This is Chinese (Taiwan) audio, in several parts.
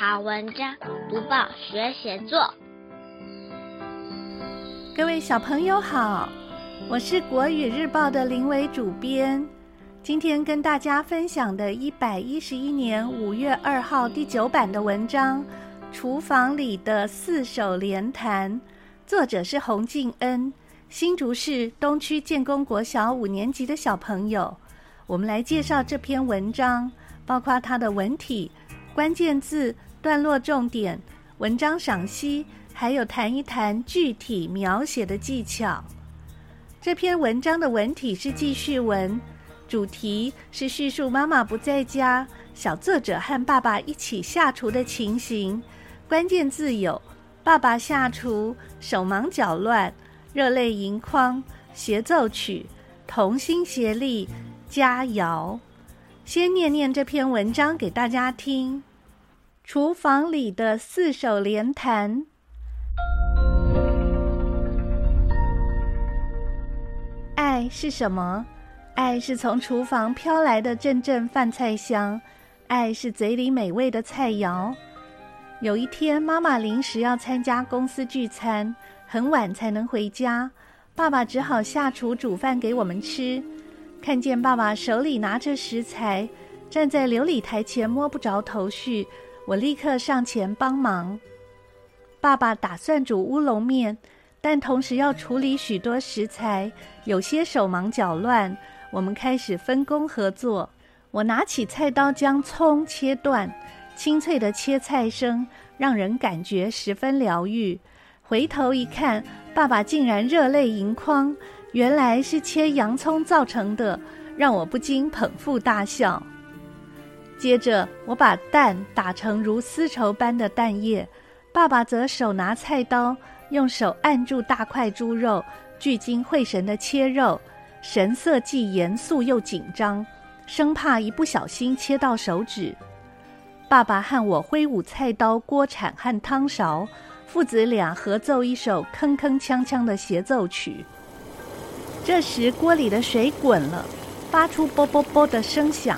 好文章，讀報學寫作。各位小朋友好，我是國語日報的林瑋主編。今天跟大家分享的《一百一十一年五月二號第九版》的文章《廚房裡的四手聯彈》，作者是洪靖恩，新竹市東區建功國小五年級的小朋友。我們來介紹這篇文章，包括它的文體、關鍵字。段落重點、文章賞析，還有談一談具體描寫的技巧。這篇文章的文體是記敘文，主題是敘述媽媽不在家，小作者和爸爸一起下廚的情形。關鍵字有：爸爸下廚、手忙腳亂、熱淚盈眶、協奏曲、同心協力、佳餚。先念念這篇文章給大家聽。廚房裡的四手聯彈，愛是什麼？愛是從廚房飄來的陣陣飯菜香，愛是嘴裡美味的菜餚。有一天，媽媽臨時要參加公司聚餐，很晚才能回家，爸爸只好下廚煮飯給我們吃。看見爸爸手裡拿着食材，站在料理臺前，摸不着頭緒。我立刻上前幫忙。爸爸打算煮烏龍麵，但同時要處理許多食材，有些手忙腳亂。我們開始分工合作。我拿起菜刀將蔥切斷，清脆的切菜聲讓人感覺十分療癒。回頭一看，爸爸竟然熱淚盈眶，原來是切洋蔥造成的，讓我不禁捧腹大笑。接着，我把蛋打成如絲綢般的蛋液，爸爸則手拿菜刀，用手按住大塊豬肉，聚精會神地切肉，神色既嚴肅又緊張，生怕一不小心切到手指。爸爸和我揮舞菜刀、鍋鏟和湯勺，父子倆合奏一首鏗鏗鏘鏘的協奏曲。這時，鍋裡的水滾了，發出啵啵啵的聲響。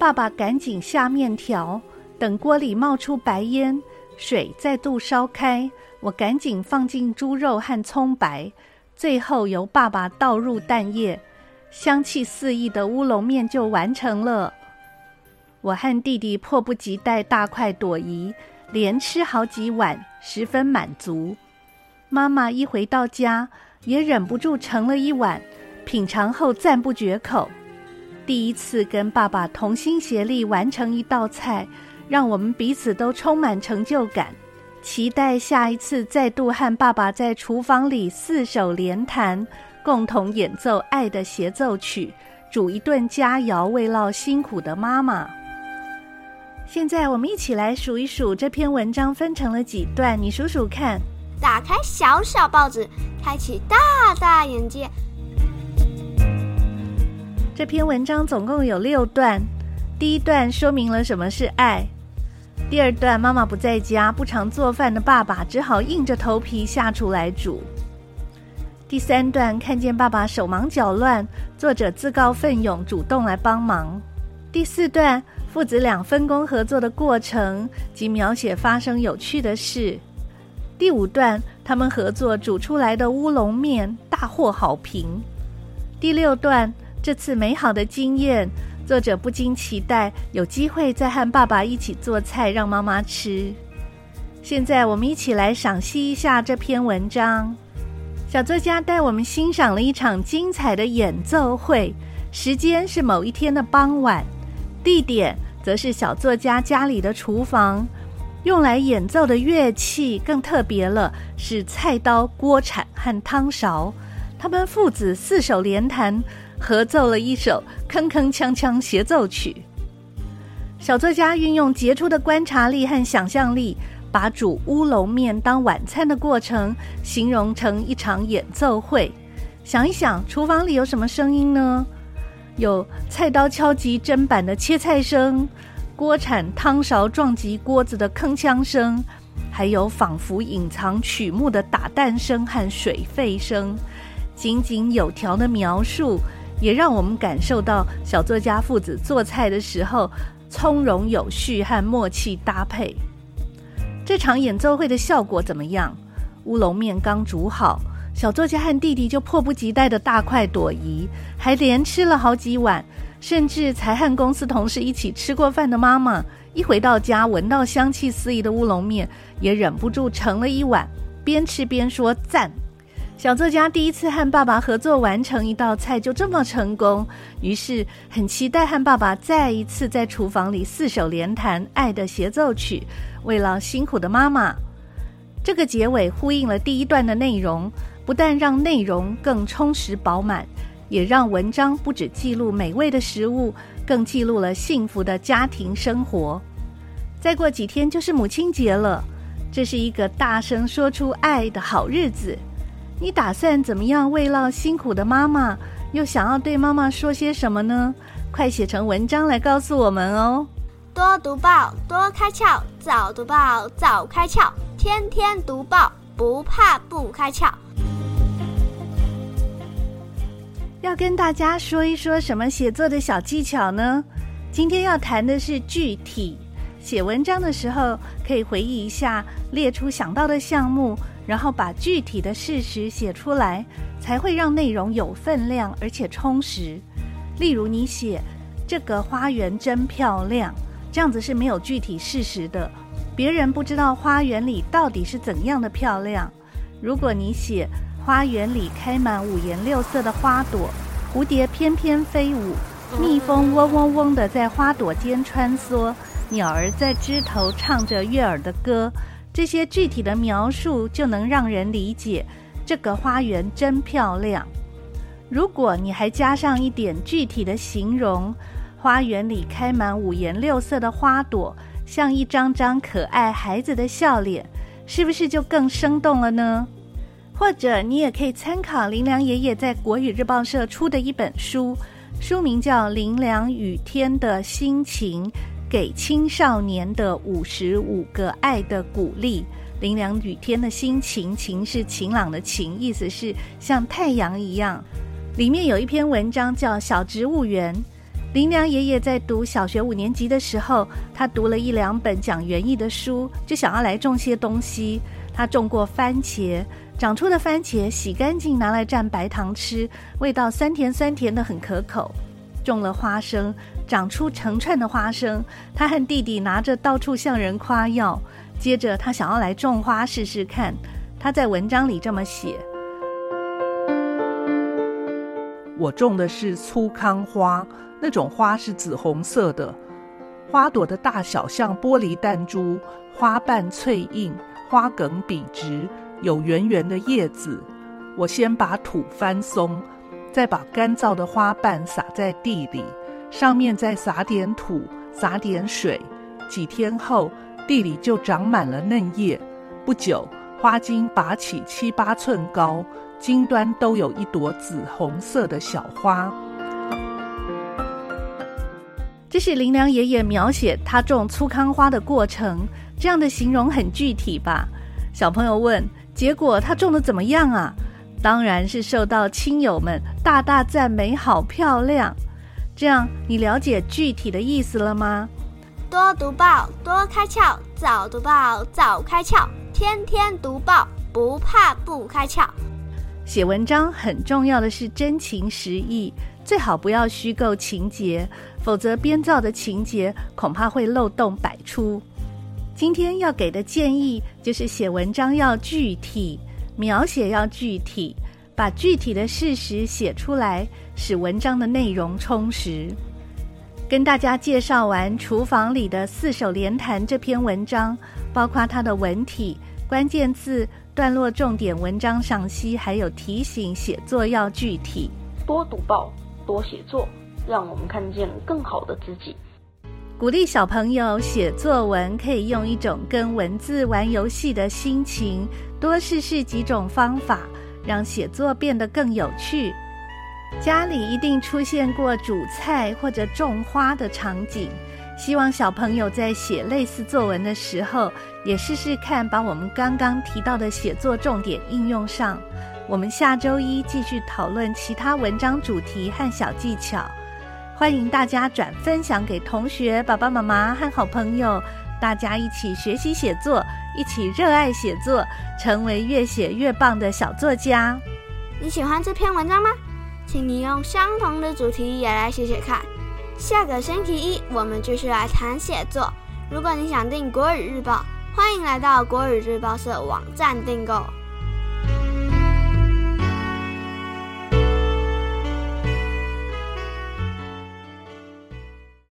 爸爸趕緊下麵條，等鍋裡冒出白煙，水再度燒開，我趕緊放進豬肉和蔥白，最後由爸爸倒入蛋液，香氣四溢的烏龍面就完成了。我和弟弟迫不及待大快朵頤，連吃好幾碗，十分滿足。媽媽一回到家，也忍不住盛了一碗，品嘗後讚不絕口。第一次跟爸爸同心協力完成一道菜，讓我們彼此都充滿成就感。期待下一次再度和爸爸在廚房裡四手聯彈，共同演奏《愛的協奏曲》，煮一頓佳肴，慰勞辛苦的媽媽。現在我們一起來數一數這篇文章分成了幾段，你數數看。打開小小報紙，開啟大大眼界。這篇文章總共有六段。第一段說明了什麼是愛。第二段，媽媽不在家，不常做飯的爸爸只好硬着頭皮下廚來煮。第三段，看見爸爸手忙腳亂，作者自告奮勇，主動來幫忙。第四段，父子倆分工合作的過程及描寫發生有趣的事。第五段，他們合作煮出來的烏龍麵大獲好評。第六段。這次美好的經驗，作者不禁期待有機會再和爸爸一起做菜，讓媽媽吃。現在，我們一起來賞析一下這篇文章。小作家帶我們欣賞了一場精彩的演奏會。時間是某一天的傍晚，地點則是小作家家裡的廚房。用來演奏的樂器更特別了，是菜刀、鍋鏟和湯勺。他們父子四手聯彈，合奏了一首鏗鏗鏘鏘協奏曲。小作家運用傑出的觀察力和想象力，把煮烏龍麵當晚餐的過程，形容成一場演奏會。想一想，廚房裡有什麼聲音呢？有菜刀敲擊砧板的切菜聲，鍋鏟湯勺撞擊鍋子的鏗鏘聲，還有仿佛隱藏曲目的打蛋聲和水沸聲。井井有條的描述。也讓我們感受到小作家父子做菜的時候，從容有序和默契搭配。這場演奏會的效果怎麼樣？烏龍麵剛煮好，小作家和弟弟就迫不及待地大快朵頤，還連吃了好幾碗。甚至才和公司同事一起吃過飯的媽媽，一回到家聞到香氣四溢的烏龍麵，也忍不住盛了一碗，邊吃邊說讚。小作家第一次和爸爸合作完成一道菜，就這麼成功，於是很期待和爸爸再一次在廚房裡四手聯彈《愛的協奏曲》，為了辛苦的媽媽。這個結尾呼應了第一段的內容，不但讓內容更充實飽滿，也讓文章不只記錄美味的食物，更記錄了幸福的家庭生活。再過幾天就是母親節了，這是一個大聲說出愛的好日子。你打算怎麼樣慰勞辛苦的媽媽？又想要對媽媽說些什麼呢？快寫成文章來告訴我們哦！多讀報，多開竅；早讀報，早開竅；天天讀報，不怕不開竅。要跟大家說一說什麼寫作的小技巧呢？今天要談的是具體，寫文章的時候可以回憶一下，列出想到的項目。然後把具體的事實寫出來，才會讓內容有分量而且充實。例如，你寫“這個花園真漂亮”，這樣子是沒有具體事實的，別人不知道花園裡到底是怎樣的漂亮。如果你寫“花園裡開滿五顏六色的花朵，蝴蝶翩翩飛舞，蜜蜂嗡嗡嗡的在花朵間穿梭，鳥兒在枝頭唱着悅耳的歌。”這些具體的描述就能讓人理解，這個花園真漂亮。如果你還加上一點具體的形容，花園裡開滿五顏六色的花朵，像一張張可愛孩子的笑臉，是不是就更生動了呢？或者你也可以參考林良爺爺在國語日報社出的一本書，書名叫《林良雨天的心情》。給青少年的五十五個愛的鼓勵。林良雨天的心晴，晴是晴朗的晴，意思是像太陽一樣。裡面有一篇文章叫《小植物園》。林良爺爺在讀小學五年級的時候，他讀了一兩本講園藝的書，就想要來種些東西。他種過番茄，長出的番茄洗乾淨拿來蘸白糖吃，味道酸甜酸甜的，很可口。種了花生，長出成串的花生。他和弟弟拿着到處向人誇耀。接着，他想要來種花試試看。他在文章裡這麼寫：“我種的是粗糠花，那種花是紫紅色的，花朵的大小像玻璃彈珠，花瓣脆硬，花梗筆直，有圓圓的葉子。我先把土翻鬆。”再把乾燥的花瓣撒在地裡，上面再撒點土，撒點水，幾天後，地裡就長滿了嫩葉。不久，花莖拔起七八寸高，莖端都有一朵紫紅色的小花。這是林良爺爺描寫他種粗糠花的過程，這樣的形容很具體吧？小朋友問：結果他種的怎麼樣啊？當然是受到親友們大大讚美，好漂亮！這樣你了解具體的意思了嗎？多讀報，多開竅；早讀報，早開竅；天天讀報，不怕不開竅。寫文章很重要的是真情實意，最好不要虛構情節，否則編造的情節恐怕會漏洞百出。今天要給的建議就是寫文章要具體。描寫要具體，把具體的事實寫出來，使文章的內容充實。跟大家介紹完《廚房裡的四手聯彈》這篇文章，包括它的文體、關鍵字、段落重點、文章賞析，還有提醒：寫作要具體，多讀報，多寫作，讓我們看見更好的自己。鼓勵小朋友寫作文，可以用一種跟文字玩遊戲的心情，多試試幾種方法，讓寫作變得更有趣。家裡一定出現過煮菜或者種花的場景，希望小朋友在寫類似作文的時候，也試試看把我們剛剛提到的寫作重點應用上。我們下周一繼續討論其他文章主題和小技巧。歡迎大家轉分享給同學、爸爸媽媽和好朋友，大家一起學習寫作，一起熱愛寫作，成為越寫越棒的小作家。你喜歡這篇文章嗎？請你用相同的主題也來寫寫看。下個星期一，我們繼續來談寫作。如果你想訂國語日報，歡迎來到國語日報社網站訂購。